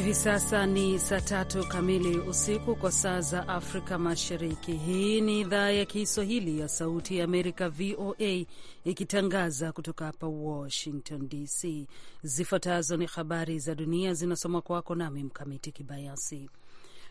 Hivi sasa ni saa tatu kamili usiku kwa saa za Afrika Mashariki. Hii ni idhaa ya Kiswahili ya Sauti ya Amerika, VOA, ikitangaza kutoka hapa Washington DC. Zifuatazo ni habari za dunia, zinasoma kwako nami Mkamiti Kibayasi.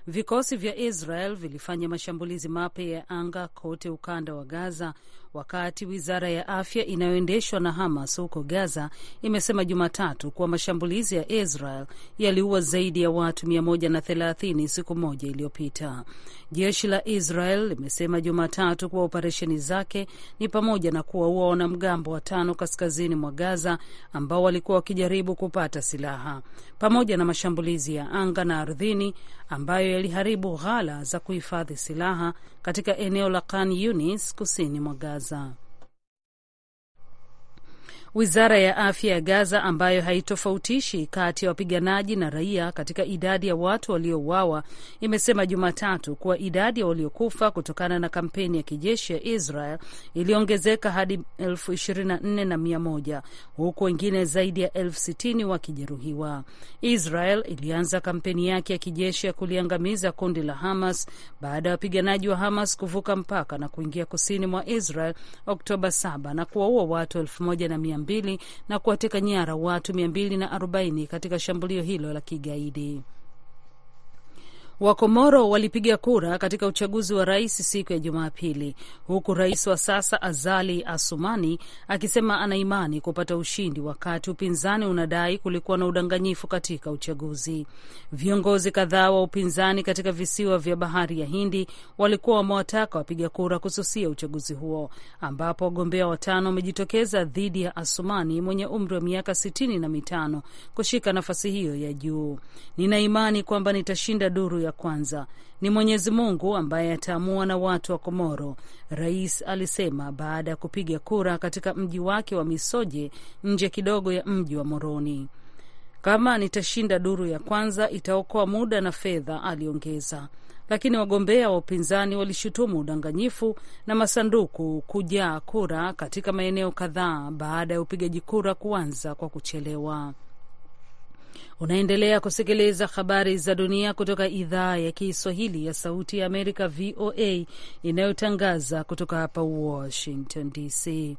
Vikosi vya Israel vilifanya mashambulizi mapya ya anga kote ukanda wa Gaza wakati wizara ya afya inayoendeshwa na Hamas huko Gaza imesema Jumatatu kuwa mashambulizi ya Israel yaliua zaidi ya watu 130 siku moja iliyopita. Jeshi la Israel limesema Jumatatu kuwa operesheni zake ni pamoja na kuwaua wanamgambo watano kaskazini mwa Gaza ambao walikuwa wakijaribu kupata silaha pamoja na mashambulizi ya anga na ardhini ambayo yaliharibu ghala za kuhifadhi silaha katika eneo la Khan Yunis kusini mwa Gaza. Gaza. Wizara ya afya ya Gaza, ambayo haitofautishi kati ya wapiganaji na raia katika idadi ya watu waliouawa, imesema Jumatatu kuwa idadi ya waliokufa kutokana na kampeni ya kijeshi ya Israel iliongezeka hadi 241 huku wengine zaidi ya 60 wakijeruhiwa. Israel ilianza kampeni yake ya kijeshi ya kuliangamiza kundi la Hamas baada ya wapiganaji wa Hamas kuvuka mpaka na kuingia kusini mwa Israel Oktoba 7 na kuwaua watu elfu mbili na kuwateka nyara watu mia mbili na arobaini katika shambulio hilo la kigaidi. Wakomoro walipiga kura katika uchaguzi wa rais siku ya Jumapili, huku rais wa sasa Azali Asumani akisema ana imani kupata ushindi, wakati upinzani unadai kulikuwa na udanganyifu katika uchaguzi. Viongozi kadhaa wa upinzani katika visiwa vya bahari ya Hindi walikuwa wamewataka wapiga kura kususia uchaguzi huo, ambapo wagombea watano wamejitokeza dhidi ya Asumani mwenye umri wa miaka sitini na mitano kushika nafasi hiyo ya juu. Nina imani kwamba nitashinda duru ya ya kwanza. Ni Mwenyezi Mungu ambaye ataamua na watu wa Komoro, rais alisema baada ya kupiga kura katika mji wake wa Misoje, nje kidogo ya mji wa Moroni. Kama nitashinda duru ya kwanza, itaokoa muda na fedha, aliongeza. Lakini wagombea wa upinzani walishutumu udanganyifu na masanduku kujaa kura katika maeneo kadhaa baada ya upigaji kura kuanza kwa kuchelewa. Unaendelea kusikiliza habari za dunia kutoka idhaa ya Kiswahili ya Sauti ya Amerika, VOA, inayotangaza kutoka hapa Washington DC.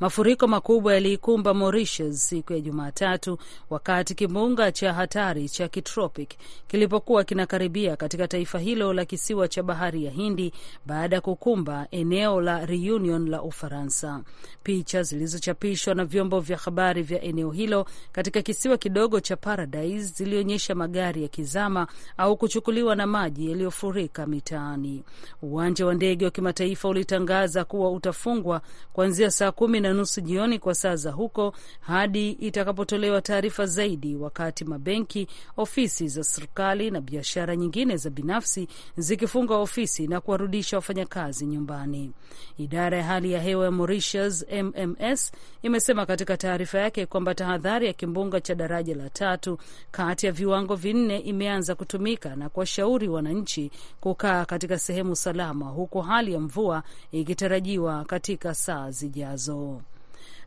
Mafuriko makubwa yaliikumba Mauritius siku ya Jumatatu wakati kimbunga cha hatari cha kitropic kilipokuwa kinakaribia katika taifa hilo la kisiwa cha bahari ya Hindi baada ya kukumba eneo la Reunion la Ufaransa. Picha zilizochapishwa na vyombo vya habari vya eneo hilo katika kisiwa kidogo cha para Paradise zilionyesha magari yakizama au kuchukuliwa na maji yaliyofurika mitaani. Uwanja wa ndege wa kimataifa ulitangaza kuwa utafungwa kuanzia saa kumi na nusu jioni kwa saa za huko hadi itakapotolewa taarifa zaidi, wakati mabenki, ofisi za serikali na biashara nyingine za binafsi zikifunga ofisi na kuwarudisha wafanyakazi nyumbani. Idara ya hali ya hewa ya Mauritius, MMS, imesema katika taarifa yake kwamba tahadhari ya kimbunga cha daraja la tatu tatu kati ya viwango vinne imeanza kutumika na kuwashauri wananchi kukaa katika sehemu salama, huku hali ya mvua ikitarajiwa katika saa zijazo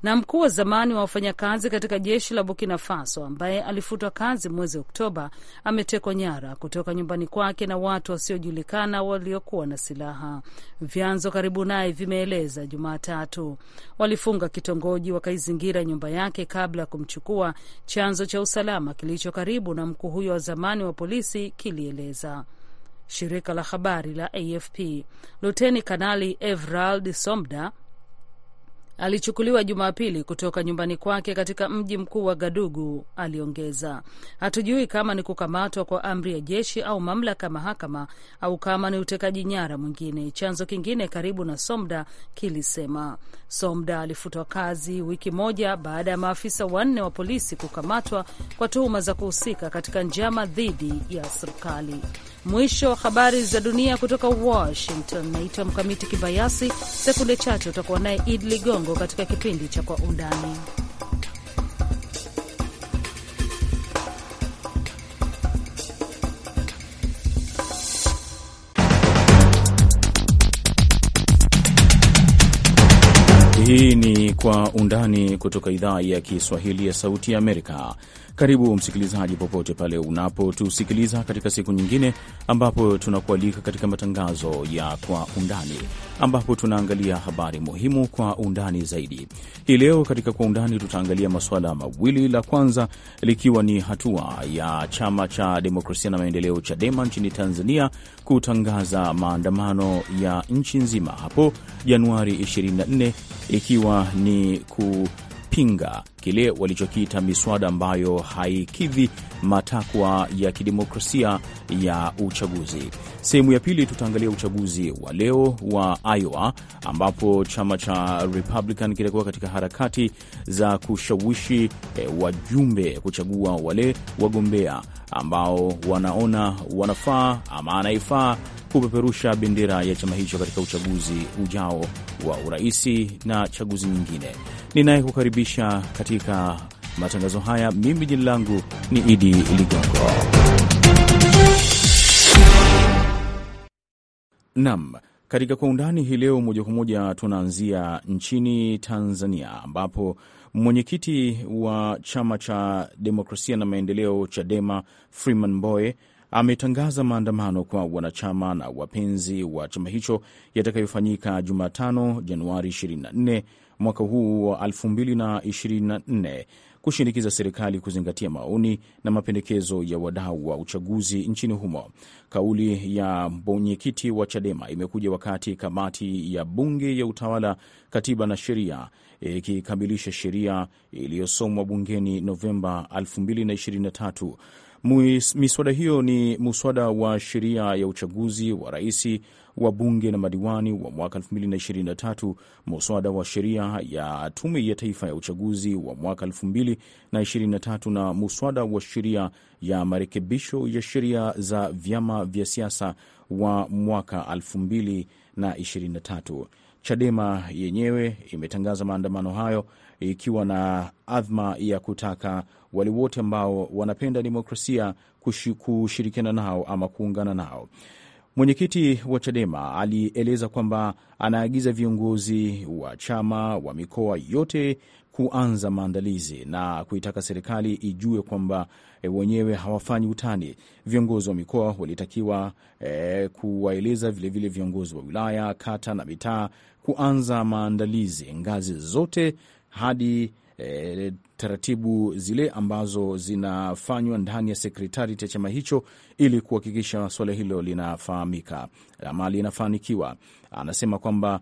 na mkuu wa zamani wa wafanyakazi katika jeshi la Burkina Faso ambaye alifutwa kazi mwezi Oktoba ametekwa nyara kutoka nyumbani kwake na watu wasiojulikana waliokuwa na silaha. Vyanzo karibu naye vimeeleza Jumatatu walifunga kitongoji, wakaizingira nyumba yake kabla ya kumchukua, chanzo cha usalama kilicho karibu na mkuu huyo wa zamani wa polisi kilieleza shirika la habari la AFP. Luteni Kanali Evrald Somda alichukuliwa Jumapili kutoka nyumbani kwake katika mji mkuu wa Gadugu, aliongeza. Hatujui kama ni kukamatwa kwa amri ya jeshi au mamlaka ya mahakama au kama ni utekaji nyara mwingine, chanzo kingine karibu na Somda kilisema. Somda alifutwa kazi wiki moja baada ya maafisa wanne wa polisi kukamatwa kwa tuhuma za kuhusika katika njama dhidi ya serikali. Mwisho wa habari za dunia kutoka Washington. Naitwa Mkamiti Kibayasi. Sekunde chache utakuwa naye Id Ligongo katika kipindi cha Kwa Undani. Hii ni kwa undani kutoka idhaa ya Kiswahili ya Sauti ya Amerika. Karibu msikilizaji, popote pale unapotusikiliza katika siku nyingine ambapo tunakualika katika matangazo ya Kwa Undani, ambapo tunaangalia habari muhimu kwa undani zaidi. Hii leo katika Kwa Undani tutaangalia masuala mawili, la kwanza likiwa ni hatua ya Chama cha Demokrasia na Maendeleo, CHADEMA, nchini Tanzania kutangaza maandamano ya nchi nzima hapo Januari 24 ikiwa ni ni kupinga kile walichokiita miswada ambayo haikidhi matakwa ya kidemokrasia ya uchaguzi. Sehemu ya pili tutaangalia uchaguzi wa leo wa Iowa ambapo chama cha Republican kitakuwa katika harakati za kushawishi eh, wajumbe kuchagua wale wagombea ambao wanaona wanafaa ama anayefaa kupeperusha bendera ya chama hicho katika uchaguzi ujao wa uraisi na chaguzi nyingine. Ninayekukaribisha katika matangazo haya mimi, jina langu ni Idi Ligongo. nam katika kwa undani hii leo, moja kwa moja tunaanzia nchini Tanzania ambapo mwenyekiti wa chama cha demokrasia na maendeleo CHADEMA Freeman Mbowe ametangaza maandamano kwa wanachama na wapenzi wa chama hicho yatakayofanyika Jumatano, Januari 24 mwaka huu wa 2024 kushinikiza serikali kuzingatia maoni na mapendekezo ya wadau wa uchaguzi nchini humo. Kauli ya mwenyekiti wa Chadema imekuja wakati kamati ya bunge ya utawala, katiba na sheria ikikamilisha sheria iliyosomwa bungeni Novemba 2023 Miswada hiyo ni muswada wa sheria ya uchaguzi wa rais wa bunge na madiwani wa mwaka 2023, muswada wa sheria ya tume ya taifa ya uchaguzi wa mwaka 2023 na muswada wa sheria ya marekebisho ya sheria za vyama vya siasa wa mwaka 2023. Chadema yenyewe imetangaza maandamano hayo ikiwa na adhma ya kutaka wale wote ambao wanapenda demokrasia kushirikiana nao ama kuungana nao. Mwenyekiti wa CHADEMA alieleza kwamba anaagiza viongozi wa chama wa mikoa yote kuanza maandalizi na kuitaka serikali ijue kwamba e, wenyewe hawafanyi utani. Viongozi wa mikoa walitakiwa e, kuwaeleza vilevile viongozi wa wilaya, kata na mitaa kuanza maandalizi ngazi zote hadi e, taratibu zile ambazo zinafanywa ndani ya sekretariat ya chama hicho ili kuhakikisha suala hilo linafahamika ama linafanikiwa. Anasema kwamba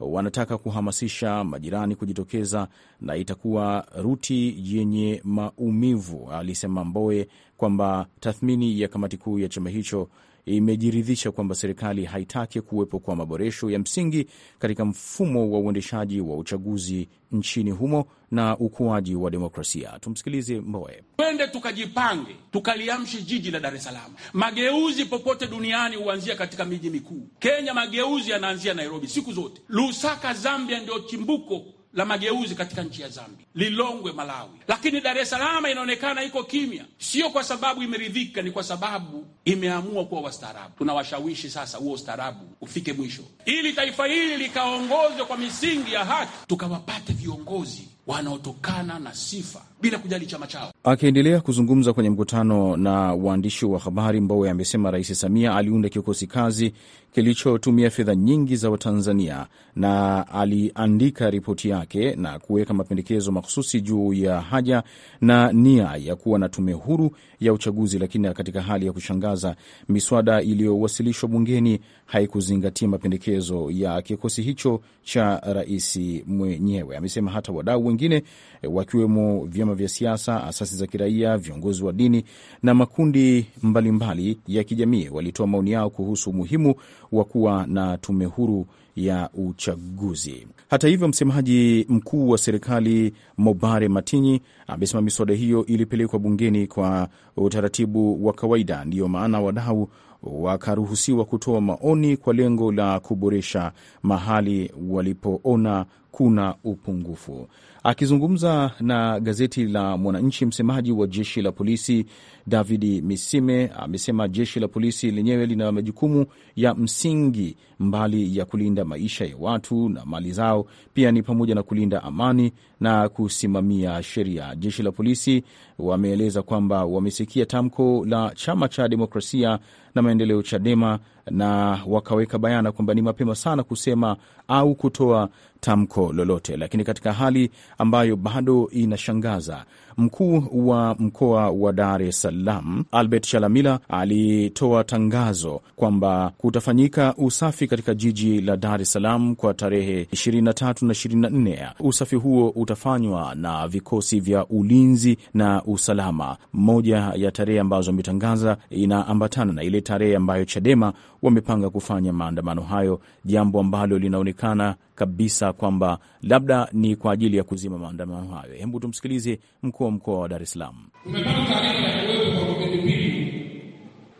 wanataka kuhamasisha majirani kujitokeza na itakuwa ruti yenye maumivu. Alisema mboe kwamba tathmini ya kamati kuu ya chama hicho imejiridhisha kwamba serikali haitaki kuwepo kwa maboresho ya msingi katika mfumo wa uendeshaji wa uchaguzi nchini humo na ukuaji wa demokrasia. Tumsikilize Mboe. Twende tukajipange, tukaliamshi jiji la Dar es Salaam. Mageuzi popote duniani huanzia katika miji mikuu. Kenya mageuzi yanaanzia Nairobi siku zote. Lusaka, Zambia, ndio chimbuko la mageuzi katika nchi ya Zambia, Lilongwe Malawi. Lakini Dar es Salaam inaonekana iko kimya, sio kwa sababu imeridhika, ni kwa sababu imeamua kuwa wastaarabu. Tunawashawishi sasa huo ustaarabu ufike mwisho, ili taifa hili likaongozwe kwa misingi ya haki, tukawapate viongozi wanaotokana na sifa bila kujali chama chao. Akiendelea kuzungumza kwenye mkutano na waandishi wa habari, Mbowe amesema Rais Samia aliunda kikosi kazi kilichotumia fedha nyingi za Watanzania na aliandika ripoti yake na kuweka mapendekezo mahususi juu ya haja na nia ya kuwa na tume huru ya uchaguzi. Lakini katika hali ya kushangaza, miswada iliyowasilishwa bungeni haikuzingatia mapendekezo ya kikosi hicho cha rais mwenyewe. Amesema hata wadau wengine wakiwemo vyama vyama vya siasa, asasi za kiraia, viongozi wa dini na makundi mbalimbali mbali ya kijamii walitoa maoni yao kuhusu umuhimu wa kuwa na tume huru ya uchaguzi. Hata hivyo, msemaji mkuu wa serikali Mobare Matinyi amesema miswada hiyo ilipelekwa bungeni kwa utaratibu wa kawaida, ndiyo maana wadau wakaruhusiwa kutoa maoni kwa lengo la kuboresha mahali walipoona kuna upungufu. Akizungumza na gazeti la Mwananchi, msemaji wa jeshi la polisi David Misime amesema jeshi la polisi lenyewe lina majukumu ya msingi, mbali ya kulinda maisha ya watu na mali zao, pia ni pamoja na kulinda amani na kusimamia sheria. Jeshi la polisi wameeleza kwamba wamesikia tamko la chama cha demokrasia na maendeleo Chadema na wakaweka bayana kwamba ni mapema sana kusema au kutoa tamko lolote, lakini katika hali ambayo bado inashangaza Mkuu wa mkoa wa Dar es Salaam Albert Shalamila alitoa tangazo kwamba kutafanyika usafi katika jiji la Dar es Salaam kwa tarehe 23 na 24. Usafi huo utafanywa na vikosi vya ulinzi na usalama. Moja ya tarehe ambazo ametangaza inaambatana na ile tarehe ambayo Chadema wamepanga kufanya maandamano hayo, jambo ambalo linaonekana kabisa kwamba labda ni kwa ajili ya kuzima maandamano hayo. Hebu tumsikilize mkuu wa mkoa wa Dar es Salaam. Tumepata taarifa ya kuwepo kwa roketi mbili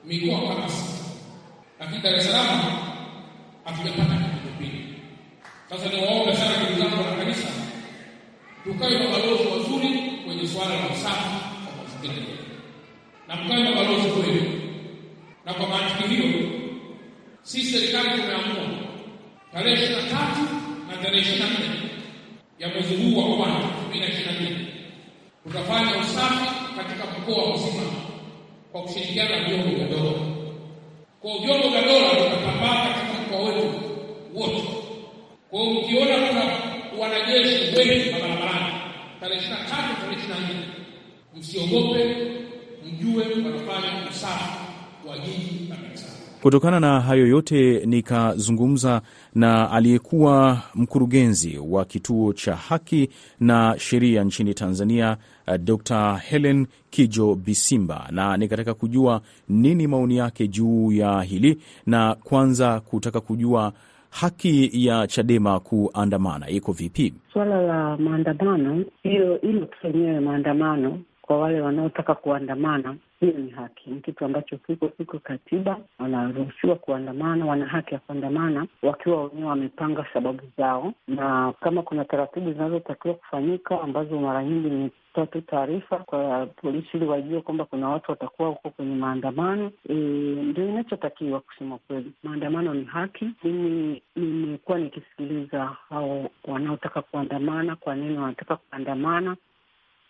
mikoa Paras, lakini Dar es Salaam hatujapata roketi Sasa niwaombe sana ndugu zangu wa kanisa, tukawe mabalozi wazuri kwenye suala la usafi wa mazingira na mkawe mabalozi kweli, na kwa mantiki hiyo, sisi serikali tumeamua tarehe ishirini na tatu na tarehe ishirini na ya mwezi huu wa kwanza elfu mbili tutafanya usafi katika mkoa mzima kwa kushirikiana na vyombo vya dola. Kwa vyombo vya dola vitatambaa katika mkoa wetu wote. Kwa hiyo mkiona kuna wanajeshi wengi na barabarani tarehe ishirini tarehe ishirini msiogope, mjue wanafanya usafi wa jiji la Dar es Salaam. Kutokana na hayo yote, nikazungumza na aliyekuwa mkurugenzi wa kituo cha haki na sheria nchini Tanzania, eh, Dr. Helen Kijo Bisimba, na nikataka kujua nini maoni yake juu ya hili, na kwanza kutaka kujua haki ya Chadema kuandamana iko vipi? Swala la maandamano hiyo hilo tu maandamano kwa wale wanaotaka kuandamana, hiyo ni haki, ni kitu ambacho kiko kiko katiba. Wanaruhusiwa kuandamana, wana haki ya kuandamana wakiwa wenyewe wamepanga sababu zao, na kama kuna taratibu zinazotakiwa kufanyika ambazo mara nyingi ni toa tu taarifa kwa polisi ili wajue kwamba kuna watu watakuwa huko kwenye maandamano. E, ndio inachotakiwa kusema kweli, maandamano ni haki. Mimi nimekuwa nikisikiliza hao wanaotaka kuandamana, kwa nini wanataka kuandamana.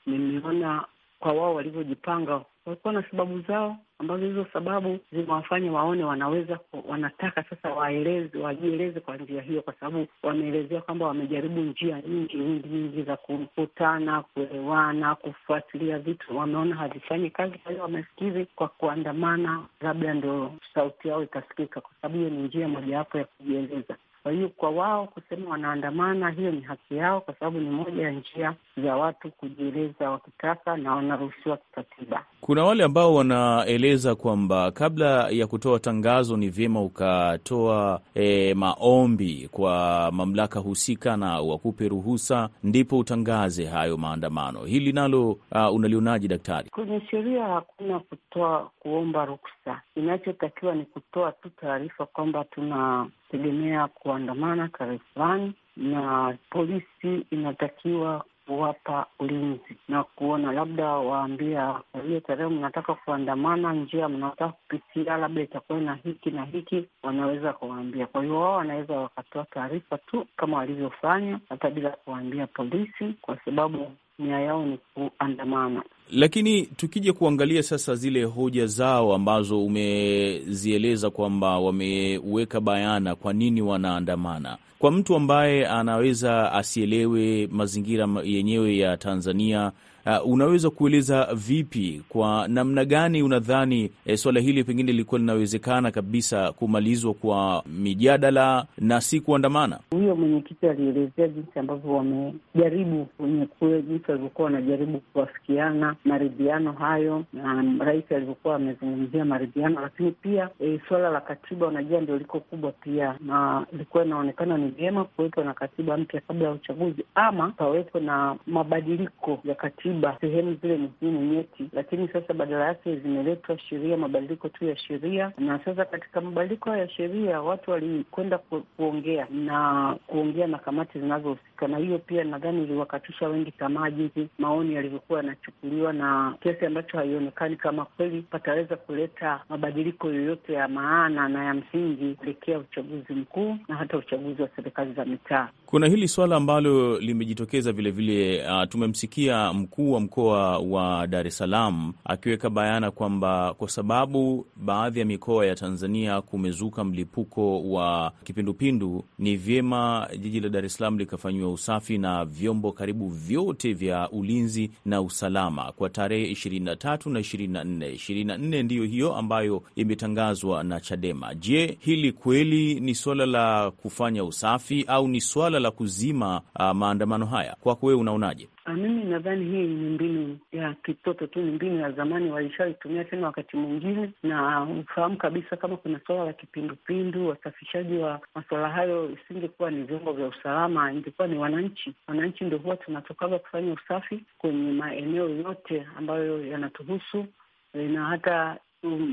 Nimeona kwa wao walivyojipanga, walikuwa na sababu zao ambazo hizo sababu zimewafanya waone wanaweza, wanataka sasa waeleze, wajieleze kwa njia hiyo, kwa sababu wameelezea kwamba wamejaribu njia nyingi nyingi nyingi za kukutana, kuelewana, kufuatilia vitu, wameona havifanyi kazi. Kwa hiyo wamefikiri kwa kuandamana, labda ndo sauti yao ikasikika, kwa sababu hiyo ni njia mojawapo ya kujieleza. Kwa hiyo kwa wao kusema wanaandamana, hiyo ni haki yao, kwa sababu ni moja ya njia za watu kujieleza wakitaka, na wanaruhusiwa kikatiba. Kuna wale ambao wanaeleza kwamba kabla ya kutoa tangazo ni vyema ukatoa e, maombi kwa mamlaka husika na wakupe ruhusa, ndipo utangaze hayo maandamano. Hili nalo uh, unalionaje daktari? Kwenye sheria hakuna kutoa kuomba ruksa, inachotakiwa ni kutoa tu taarifa kwamba tuna wanategemea kuandamana tarehe fulani, na polisi inatakiwa kuwapa ulinzi na kuona labda waambia kwa hiyo tarehe mnataka kuandamana, njia mnataka kupitia labda itakuwa na hiki na hiki, wanaweza kuwaambia. Kwa hiyo wao wanaweza wakatoa taarifa tu kama walivyofanya hata bila kuwaambia polisi, kwa sababu nia yao ni kuandamana. Lakini tukija kuangalia sasa zile hoja zao ambazo umezieleza kwamba wameweka bayana kwa nini wanaandamana, kwa mtu ambaye anaweza asielewe mazingira yenyewe ya Tanzania uh, unaweza kueleza vipi, kwa namna gani unadhani eh, swala hili pengine lilikuwa linawezekana kabisa kumalizwa kwa mijadala na si kuandamana? Huyo mwenyekiti alielezea jinsi ambavyo wamejaribu wenye jinsi walivyokuwa wanajaribu kuwafikiana maridhiano hayo, na rais alivyokuwa amezungumzia maridhiano, lakini pia eh, swala la katiba, unajua ndio liko kubwa pia, na ilikuwa inaonekana ni vyema kuwepo na katiba mpya kabla ya uchaguzi ama pawepo na mabadiliko ya katiba katiba sehemu zile muhimu nyeti, lakini sasa badala yake zimeletwa sheria, mabadiliko tu ya sheria. Na sasa katika mabadiliko ya sheria watu walikwenda ku, kuongea na kuongea na kamati zinazohusika, na hiyo pia nadhani iliwakatisha wengi tamaa, jinsi maoni yalivyokuwa yanachukuliwa na kesi ambacho haionekani kama kweli pataweza kuleta mabadiliko yoyote ya maana na ya msingi kuelekea uchaguzi mkuu na hata uchaguzi wa serikali za mitaa. Kuna hili swala ambalo limejitokeza vilevile, uh, tumemsikia mkuu mkuu wa mkoa wa Dar es Salaam akiweka bayana kwamba kwa sababu baadhi ya mikoa ya Tanzania kumezuka mlipuko wa kipindupindu, ni vyema jiji la Dar es Salaam likafanyiwa usafi na vyombo karibu vyote vya ulinzi na usalama kwa tarehe 23 na 24. 24 ndiyo hiyo ambayo imetangazwa na Chadema. Je, hili kweli ni swala la kufanya usafi au ni swala la kuzima uh, maandamano haya? Kwako wewe unaonaje? Ah, mimi nadhani hii ni mbinu ya kitoto tu, ni mbinu ya zamani walishaitumia tena wakati mwingine, na ufahamu kabisa kama kuna suala la kipindupindu, wasafishaji wa masuala hayo isingekuwa ni vyombo vya usalama, ingekuwa ni wananchi. Wananchi ndo huwa tunatokaga kufanya usafi kwenye maeneo yote ambayo yanatuhusu, e, na hata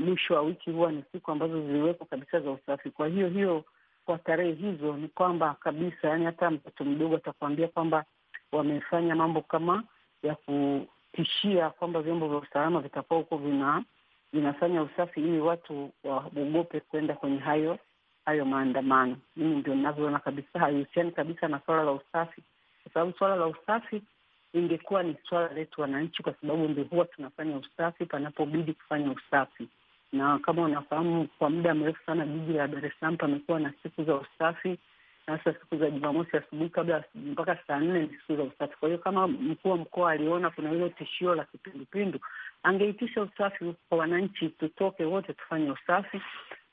mwisho wa wiki huwa ni siku ambazo ziliwekwa kabisa za usafi. Kwa hiyo hiyo, kwa tarehe hizo ni kwamba kabisa, yani hata mtoto mdogo atakuambia kwamba wamefanya mambo kama ya kutishia kwamba vyombo vya usalama vitakuwa huko vina vinafanya usafi ili watu waogope kwenda kwenye hayo hayo maandamano. Mimi ndio ninavyoona kabisa, haihusiani kabisa na swala la usafi, kwa sababu swala la usafi ingekuwa ni swala letu wananchi, kwa sababu ndio huwa tunafanya usafi panapobidi kufanya usafi. Na kama unafahamu, kwa muda mrefu sana jiji la Dar es Salaam pamekuwa na siku za usafi Hasa siku za Jumamosi asubuhi kabla mpaka saa nne ni siku za usafi. Kwa hiyo kama mkuu wa mkoa aliona kuna hilo tishio la kipindupindu, angeitisha usafi kwa wananchi, tutoke wote tufanye usafi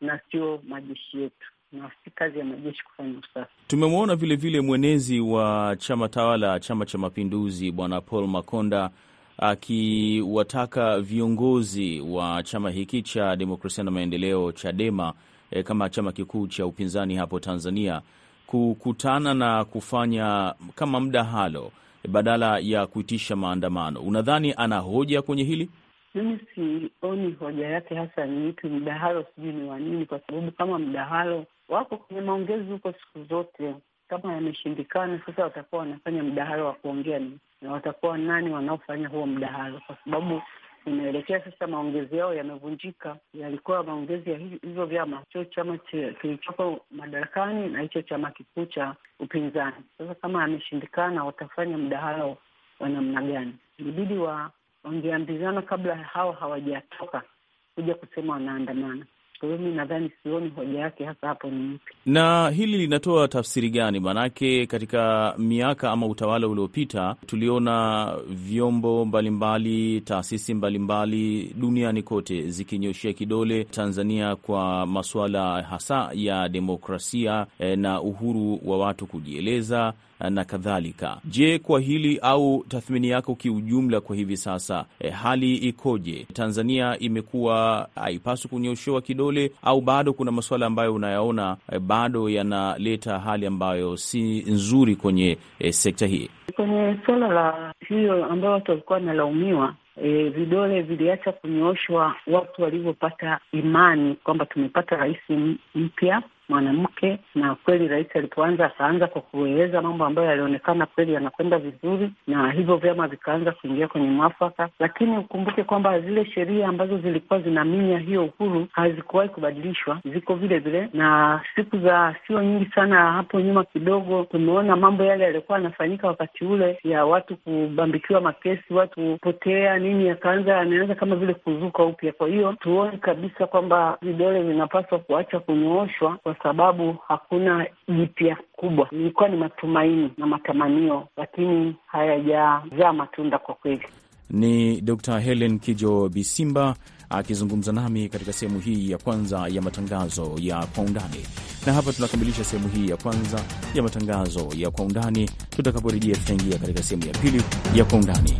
na sio majeshi yetu, na si kazi ya majeshi kufanya usafi. Tumemwona vilevile mwenezi wa chama tawala, Chama cha Mapinduzi, Bwana Paul Makonda akiwataka viongozi wa chama hiki cha demokrasia na maendeleo, Chadema, e, kama chama kikuu cha upinzani hapo Tanzania kukutana na kufanya kama mdahalo badala ya kuitisha maandamano. Unadhani ana hoja kwenye hili? Mimi sioni hoja yake hasa ni ipi. Mdahalo sijui ni wa nini, kwa sababu kama mdahalo wako kwenye maongezi huko siku zote. Kama yameshindikana, sasa watakuwa wanafanya mdahalo wa kuongea na watakuwa nani wanaofanya huo mdahalo, kwa sababu inaelekea sasa maongezi yao yamevunjika. Yalikuwa maongezi ya hivyo vyama, hicho chama kilichopo madarakani na hicho chama kikuu cha upinzani. Sasa kama ameshindikana, watafanya mdahalo wa namna gani? Ilibidi wangeambizana kabla hao hawajatoka kuja kusema wanaandamana. Kwa hiyo mi nadhani, sioni hoja yake hasa hapo ni ipi, na hili linatoa tafsiri gani? Maanake katika miaka ama utawala uliopita tuliona vyombo mbalimbali, taasisi mbalimbali duniani kote zikinyoshia kidole Tanzania kwa masuala hasa ya demokrasia eh, na uhuru wa watu kujieleza na kadhalika. Je, kwa hili au tathmini yako kiujumla kwa hivi sasa, e, hali ikoje? Tanzania imekuwa haipaswi kunyoshewa kidole au bado kuna masuala ambayo unayaona e, bado yanaleta hali ambayo si nzuri kwenye e, sekta hii? Kwenye suala la hiyo ambayo watu walikuwa wanalaumiwa E, vidole viliacha kunyooshwa watu walivyopata imani kwamba tumepata rais mpya mwanamke, na kweli rais alipoanza akaanza kwa kueleza mambo ambayo yalionekana kweli yanakwenda vizuri, na hivyo vyama vikaanza kuingia kwenye mwafaka. Lakini ukumbuke kwamba zile sheria ambazo zilikuwa zinaminya hiyo uhuru hazikuwahi kubadilishwa, ziko vile vile, na siku za sio nyingi sana hapo nyuma kidogo tumeona mambo yale yaliyokuwa yanafanyika wakati ule ya watu kubambikiwa makesi, watu kupotea nini, yakaanza yanaanza kama vile kuzuka upya. Kwa hiyo tuone kabisa kwamba vidole vinapaswa kuacha kunyooshwa kwa sababu hakuna jipya kubwa. Ilikuwa ni matumaini na matamanio, lakini hayajazaa matunda kwa kweli. Ni Dr. Helen Kijo Bisimba akizungumza nami katika sehemu hii ya kwanza ya matangazo ya kwa undani. Na hapa tunakamilisha sehemu hii ya kwanza ya matangazo ya kwa undani. Tutakaporejea, tutaingia katika sehemu ya pili ya kwa undani.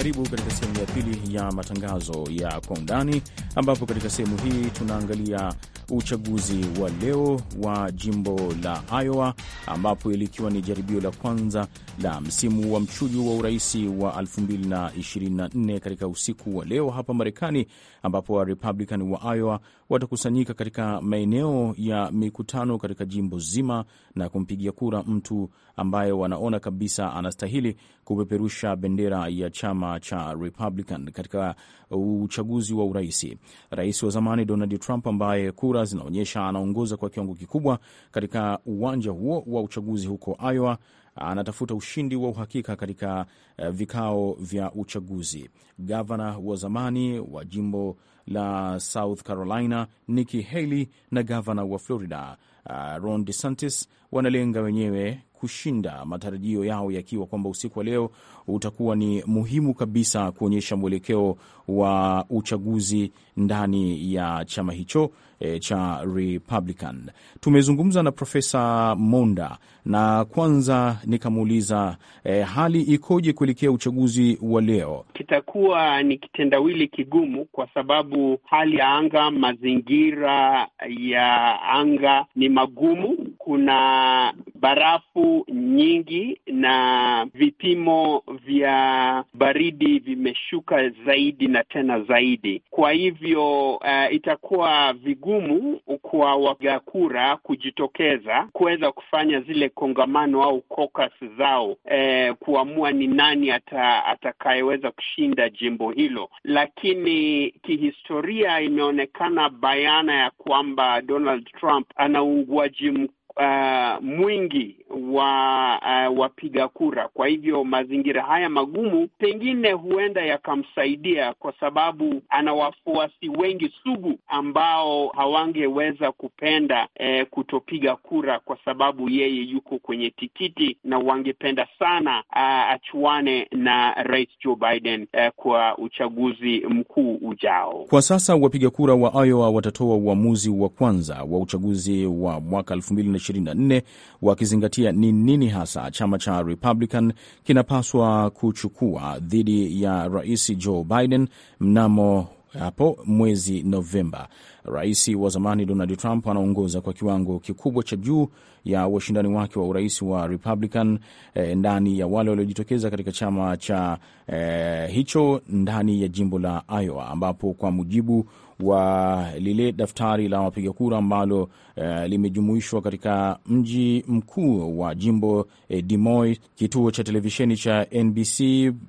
Karibu katika sehemu ya pili ya matangazo ya kwa undani, ambapo katika sehemu hii tunaangalia uchaguzi wa leo wa jimbo la Iowa, ambapo ilikiwa ni jaribio la kwanza la msimu wa mchujo wa urais wa 2024 katika usiku wa leo hapa Marekani, ambapo Warepublican wa Iowa watakusanyika katika maeneo ya mikutano katika jimbo zima na kumpigia kura mtu ambaye wanaona kabisa anastahili kupeperusha bendera ya chama cha Republican katika uchaguzi wa uraisi. Rais wa zamani Donald Trump, ambaye kura zinaonyesha anaongoza kwa kiwango kikubwa katika uwanja huo wa uchaguzi huko Iowa, anatafuta ushindi wa uhakika katika eh, vikao vya uchaguzi. Gavana wa zamani wa jimbo la South Carolina Nikki Haley na gavana wa Florida eh, Ron DeSantis wanalenga wenyewe kushinda matarajio yao yakiwa kwamba usiku wa leo utakuwa ni muhimu kabisa kuonyesha mwelekeo wa uchaguzi ndani ya chama hicho e, cha Republican. Tumezungumza na Profesa Monda na kwanza nikamuuliza e, hali ikoje kuelekea uchaguzi wa leo? Kitakuwa ni kitendawili kigumu kwa sababu hali ya anga, mazingira ya anga ni magumu kuna barafu nyingi na vipimo vya baridi vimeshuka zaidi na tena zaidi. Kwa hivyo uh, itakuwa vigumu kwa wapiga kura kujitokeza kuweza kufanya zile kongamano au caucus zao, eh, kuamua ni nani ata, atakayeweza kushinda jimbo hilo, lakini kihistoria imeonekana bayana ya kwamba Donald Trump ana uungwaji uh, mwingi wa uh, wapiga kura. Kwa hivyo mazingira haya magumu pengine huenda yakamsaidia, kwa sababu ana wafuasi wengi sugu ambao hawangeweza kupenda eh, kutopiga kura kwa sababu yeye yuko kwenye tikiti, na wangependa sana uh, achuane na Rais Joe Biden uh, kwa uchaguzi mkuu ujao. Kwa sasa wapiga kura wa Iowa watatoa uamuzi wa, wa kwanza wa uchaguzi wa mwaka elfu mbili na 2024 wakizingatia ni nini hasa chama cha Republican kinapaswa kuchukua dhidi ya Rais Joe Biden mnamo hapo mwezi Novemba. Rais wa zamani Donald Trump anaongoza kwa kiwango kikubwa cha juu ya washindani wake wa urais wa Republican eh, ndani ya wale waliojitokeza katika chama cha eh, hicho ndani ya jimbo la Iowa, ambapo kwa mujibu wa lile daftari la wapiga kura ambalo uh, limejumuishwa katika mji mkuu wa jimbo eh, Des Moines. Kituo cha televisheni cha NBC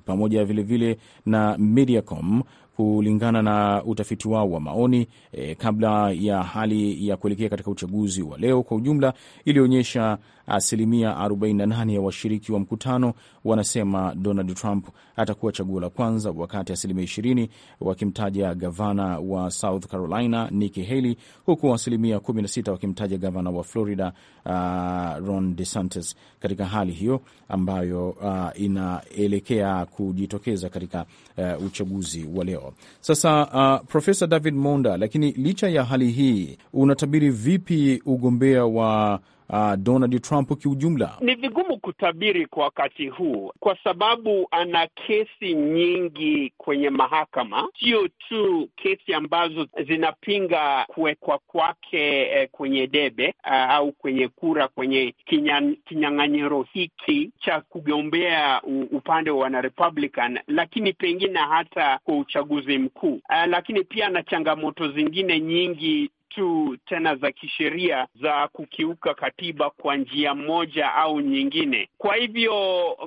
pamoja vilevile na Mediacom kulingana na utafiti wao wa maoni eh, kabla ya hali ya kuelekea katika uchaguzi wa leo kwa ujumla ilionyesha Asilimia 48 ya washiriki wa mkutano wanasema Donald Trump atakuwa chaguo la kwanza, wakati asilimia 20 wakimtaja gavana wa South Carolina Nikki Haley, huku asilimia 16 wakimtaja gavana wa Florida uh, Ron DeSantis. Katika hali hiyo ambayo uh, inaelekea kujitokeza katika uh, uchaguzi wa leo sasa, uh, Profesa David Monda, lakini licha ya hali hii unatabiri vipi ugombea wa uh, Donald Trump kiujumla? Ni vigumu kutabiri kwa wakati huu, kwa sababu ana kesi nyingi kwenye mahakama, sio tu kesi ambazo zinapinga kuwekwa kwake eh, kwenye debe uh, au kwenye kura kwenye kinyan, kinyang'anyiro hiki cha kugombea upande wa wanarepublican, lakini pengine hata kwa uchaguzi mkuu uh, lakini pia na changamoto zingine nyingi tu tena za kisheria za kukiuka katiba kwa njia moja au nyingine. Kwa hivyo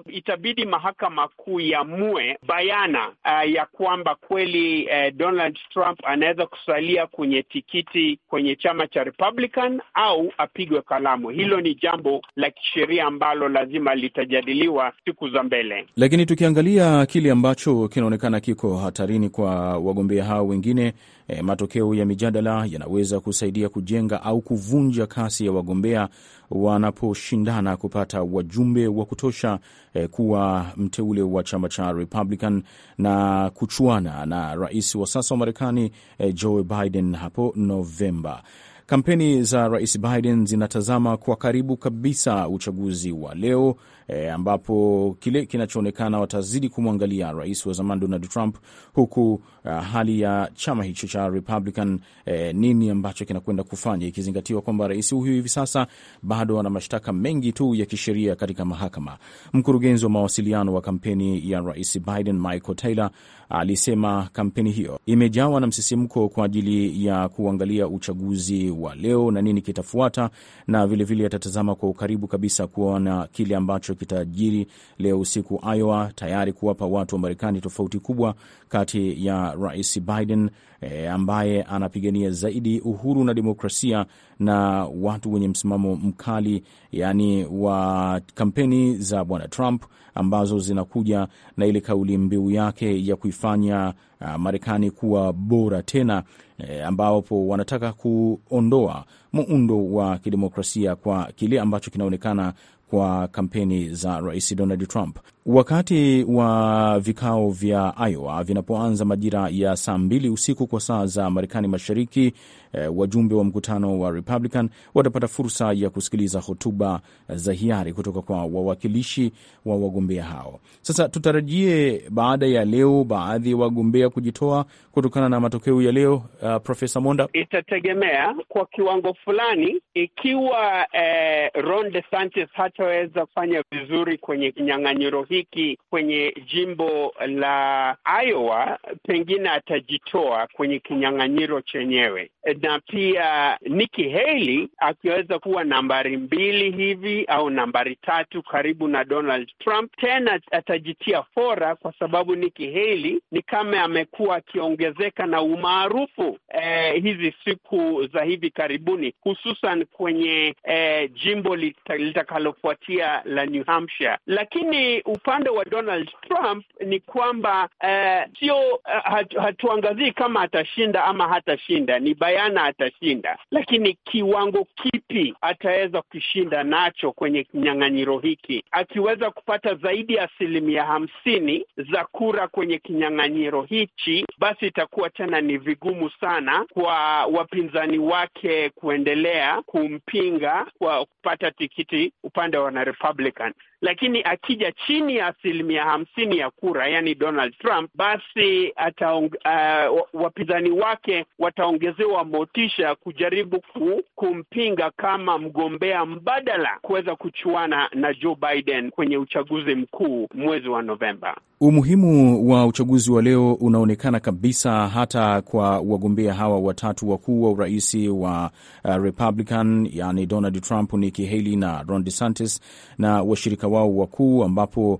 itabidi mahakama kuu iamue bayana uh, ya kwamba kweli uh, Donald Trump anaweza kusalia kwenye tikiti kwenye chama cha Republican au apigwe kalamu. Hilo ni jambo la kisheria ambalo lazima litajadiliwa siku za mbele, lakini tukiangalia kile ambacho kinaonekana kiko hatarini kwa wagombea hao wengine E, matokeo ya mijadala yanaweza kusaidia kujenga au kuvunja kasi ya wagombea wanaposhindana kupata wajumbe wa kutosha e, kuwa mteule wa chama cha Republican na kuchuana na rais wa sasa wa Marekani e, Joe Biden hapo Novemba. Kampeni za Rais Biden zinatazama kwa karibu kabisa uchaguzi wa leo e, ambapo kile kinachoonekana watazidi kumwangalia rais wa zamani Donald Trump, huku uh, hali ya chama hicho cha Republican e, nini ambacho kinakwenda kufanya, ikizingatiwa kwamba rais huyu hivi sasa bado ana mashtaka mengi tu ya kisheria katika mahakama. Mkurugenzi wa mawasiliano wa kampeni ya rais Biden Michael Taylor alisema kampeni hiyo imejawa na msisimko kwa ajili ya kuangalia uchaguzi wa leo na nini kitafuata, na vilevile atatazama vile kwa ukaribu kabisa kuona kile ambacho kitajiri leo usiku Iowa, tayari kuwapa watu wa Marekani tofauti kubwa kati ya Rais Biden e, ambaye anapigania zaidi uhuru na demokrasia na watu wenye msimamo mkali, yani wa kampeni za Bwana Trump ambazo zinakuja na ile kauli mbiu yake ya kui kuifanya uh, Marekani kuwa bora tena e, ambapo wanataka kuondoa muundo wa kidemokrasia kwa kile ambacho kinaonekana kwa kampeni za Rais Donald Trump. Wakati wa vikao vya Iowa vinapoanza majira ya saa mbili usiku kwa saa za Marekani Mashariki, e, wajumbe wa mkutano wa Republican watapata fursa ya kusikiliza hotuba za hiari kutoka kwa wawakilishi wa wagombea hao. Sasa tutarajie baada ya leo baadhi ya wagombea kujitoa kutokana na matokeo ya leo. Uh, Profesa Monda, itategemea kwa kiwango fulani ikiwa eh, Ron DeSantis hataweza kufanya vizuri kwenye kinyang'anyiro mshiriki kwenye jimbo la Iowa pengine atajitoa kwenye kinyang'anyiro chenyewe, na pia Nikki Haley akiweza kuwa nambari mbili hivi au nambari tatu karibu na Donald Trump, tena atajitia fora, kwa sababu Nikki Haley ni kama amekuwa akiongezeka na umaarufu eh, hizi siku za hivi karibuni, hususan kwenye eh, jimbo litakalofuatia la New Hampshire, lakini upande wa Donald Trump ni kwamba eh, sio eh, hatuangazii kama atashinda ama hatashinda, ni bayana atashinda, lakini kiwango kipi ataweza kushinda nacho kwenye kinyang'anyiro hiki. Akiweza kupata zaidi ya asilimia hamsini za kura kwenye kinyang'anyiro hichi, basi itakuwa tena ni vigumu sana kwa wapinzani wake kuendelea kumpinga kwa kupata tikiti upande wa Republican, lakini akija chini akitumia asilimia hamsini ya kura, yani Donald Trump, basi ataong, uh, wapinzani wake wataongezewa motisha kujaribu ku, kumpinga kama mgombea mbadala kuweza kuchuana na Joe Biden kwenye uchaguzi mkuu mwezi wa Novemba. Umuhimu wa uchaguzi wa leo unaonekana kabisa hata kwa wagombea hawa watatu wakuu wa urais wa uh, Republican, yani Donald Trump, Nikki Haley na Ron DeSantis na washirika wao wakuu, ambapo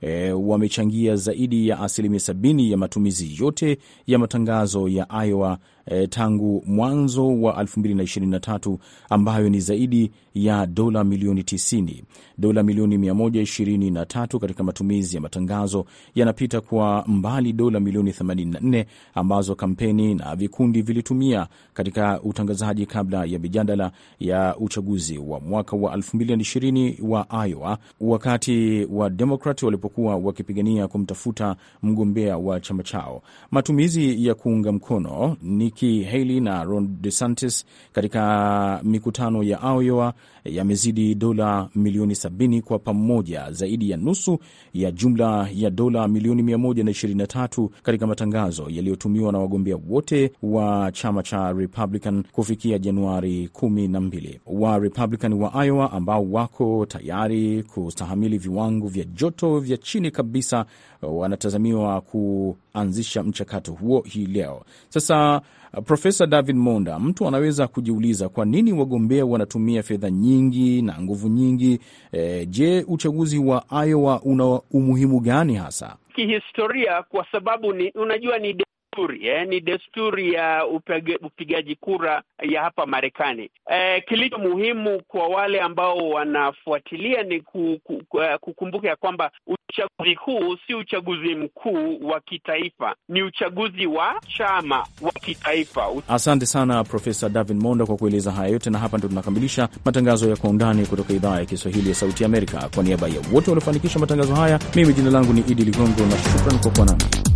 e, wamechangia zaidi ya asilimia sabini ya matumizi yote ya matangazo ya Iowa e, tangu mwanzo wa 2023 ambayo ni zaidi ya dola milioni 90. Dola milioni 123 katika matumizi ya matangazo yanapita kwa mbali dola milioni 84 ambazo kampeni na vikundi vilitumia katika utangazaji kabla ya mijadala ya uchaguzi wa mwaka wa 2020 wa Iowa wakati wa Demokrat walipo walipokuwa wakipigania kumtafuta mgombea wa chama chao. Matumizi ya kuunga mkono Nikki Haley na Ron DeSantis katika mikutano ya Iowa yamezidi dola milioni 70 kwa pamoja, zaidi ya nusu ya jumla ya dola milioni 123 katika matangazo yaliyotumiwa na wagombea wote wa chama cha Republican kufikia Januari 12. Wa Republican wa Iowa ambao wako tayari kustahamili viwango vya joto vya chini kabisa wanatazamiwa kuanzisha mchakato huo hii leo. Sasa Uh, Profesa David Monda, mtu anaweza kujiuliza kwa nini wagombea wanatumia fedha nyingi na nguvu nyingi. E, je, uchaguzi wa Iowa una umuhimu gani hasa kihistoria? Kwa sababu ni, unajua ni desturi eh, ni desturi ya upigaji kura ya hapa Marekani. Eh, kilicho muhimu kwa wale ambao wanafuatilia ni eh, kukumbuka ya kwamba uchaguzi huu si uchaguzi mkuu wa kitaifa, ni uchaguzi wa chama wa kitaifa. Asante sana Profesa David Monda kwa kueleza haya yote, na hapa ndo tunakamilisha matangazo ya Kwa Undani kutoka idhaa ya Kiswahili ya Sauti Amerika. Kwa niaba ya wote waliofanikisha matangazo haya, mimi jina langu ni Idi Ligongo na shukrani kwa kuwa nami.